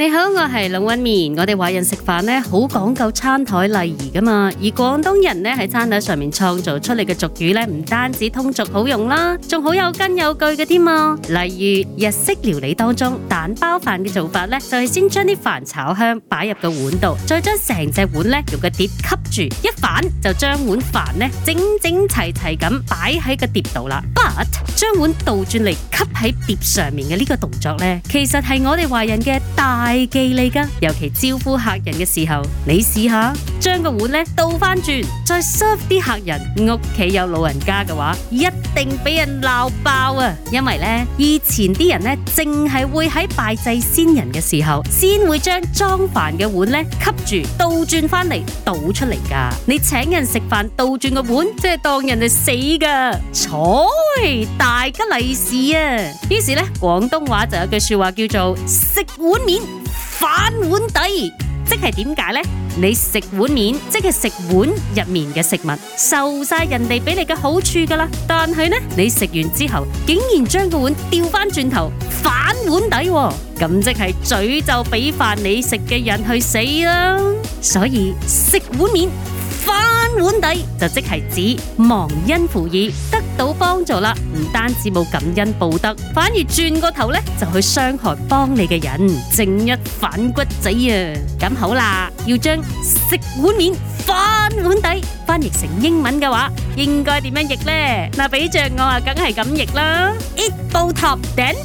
你好，我係龍紋敏。我哋華人食飯咧，好講究餐台禮儀噶嘛。而廣東人咧，喺餐台上面創造出嚟嘅俗語咧，唔單止通俗好用啦，仲好有根有據嘅添。例如日式料理當中，蛋包飯嘅做法咧，就係、是、先將啲飯炒香，擺入個碗度，再將成隻碗咧用個碟吸住，一反就將碗飯咧整整齊齊咁擺喺個碟度啦。但將碗倒轉嚟吸喺碟上面嘅呢個動作呢，其實係我哋華人嘅大忌嚟㗎，尤其招呼客人嘅時候，你試下。將個碗咧倒翻轉，再 serve 啲客人。屋企有老人家嘅話，一定俾人鬧爆啊！因為咧，以前啲人咧，淨係會喺拜祭先人嘅時候，先會將裝飯嘅碗咧吸住倒轉翻嚟，倒出嚟噶。你請人食飯倒轉個碗，即係當人哋死噶，彩，大吉利是啊！於是咧，廣東話就有句說話叫做食碗面反碗底。即係點解呢？你食碗面，即係食碗入面嘅食物，受晒人哋俾你嘅好處噶啦。但係呢，你食完之後，竟然將個碗掉翻轉頭，反碗底喎，咁即係詛咒俾飯你食嘅人去死啦。所以食碗面。反碗底就即係指忘恩負義，得到幫助啦，唔單止冇感恩報德，反而轉個頭咧就去傷害幫你嘅人，正一反骨仔啊！咁好啦，要將食碗面反碗底翻譯成英文嘅話，應該點樣譯咧？嗱，俾着我啊，梗係咁譯啦，eat bowl top then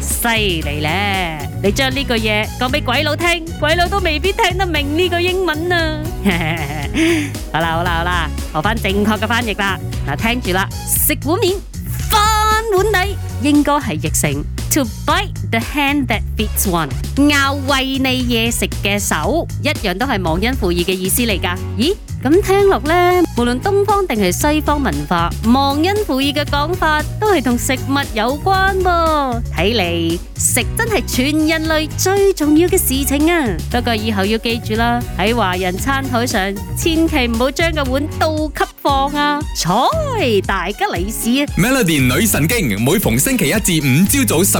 犀利咧！你將呢句嘢講俾鬼佬聽，鬼佬都未必聽得明呢個英文啊！ 好啦好啦好啦，學翻正確嘅翻譯啦！嗱，聽住啦，食碗面，翻碗底，應該係譯成。To bite the hand that feeds one，咬餵你嘢食嘅手，一樣都係忘恩負義嘅意思嚟㗎。咦？咁聽落呢，無論東方定係西方文化，忘恩負義嘅講法都係同食物有關噃。睇嚟食真係全人類最重要嘅事情啊！不過以後要記住啦，喺華人餐枱上，千祈唔好將個碗倒吸放啊！菜，大吉利是啊！Melody 女神經，每逢星期一至五朝早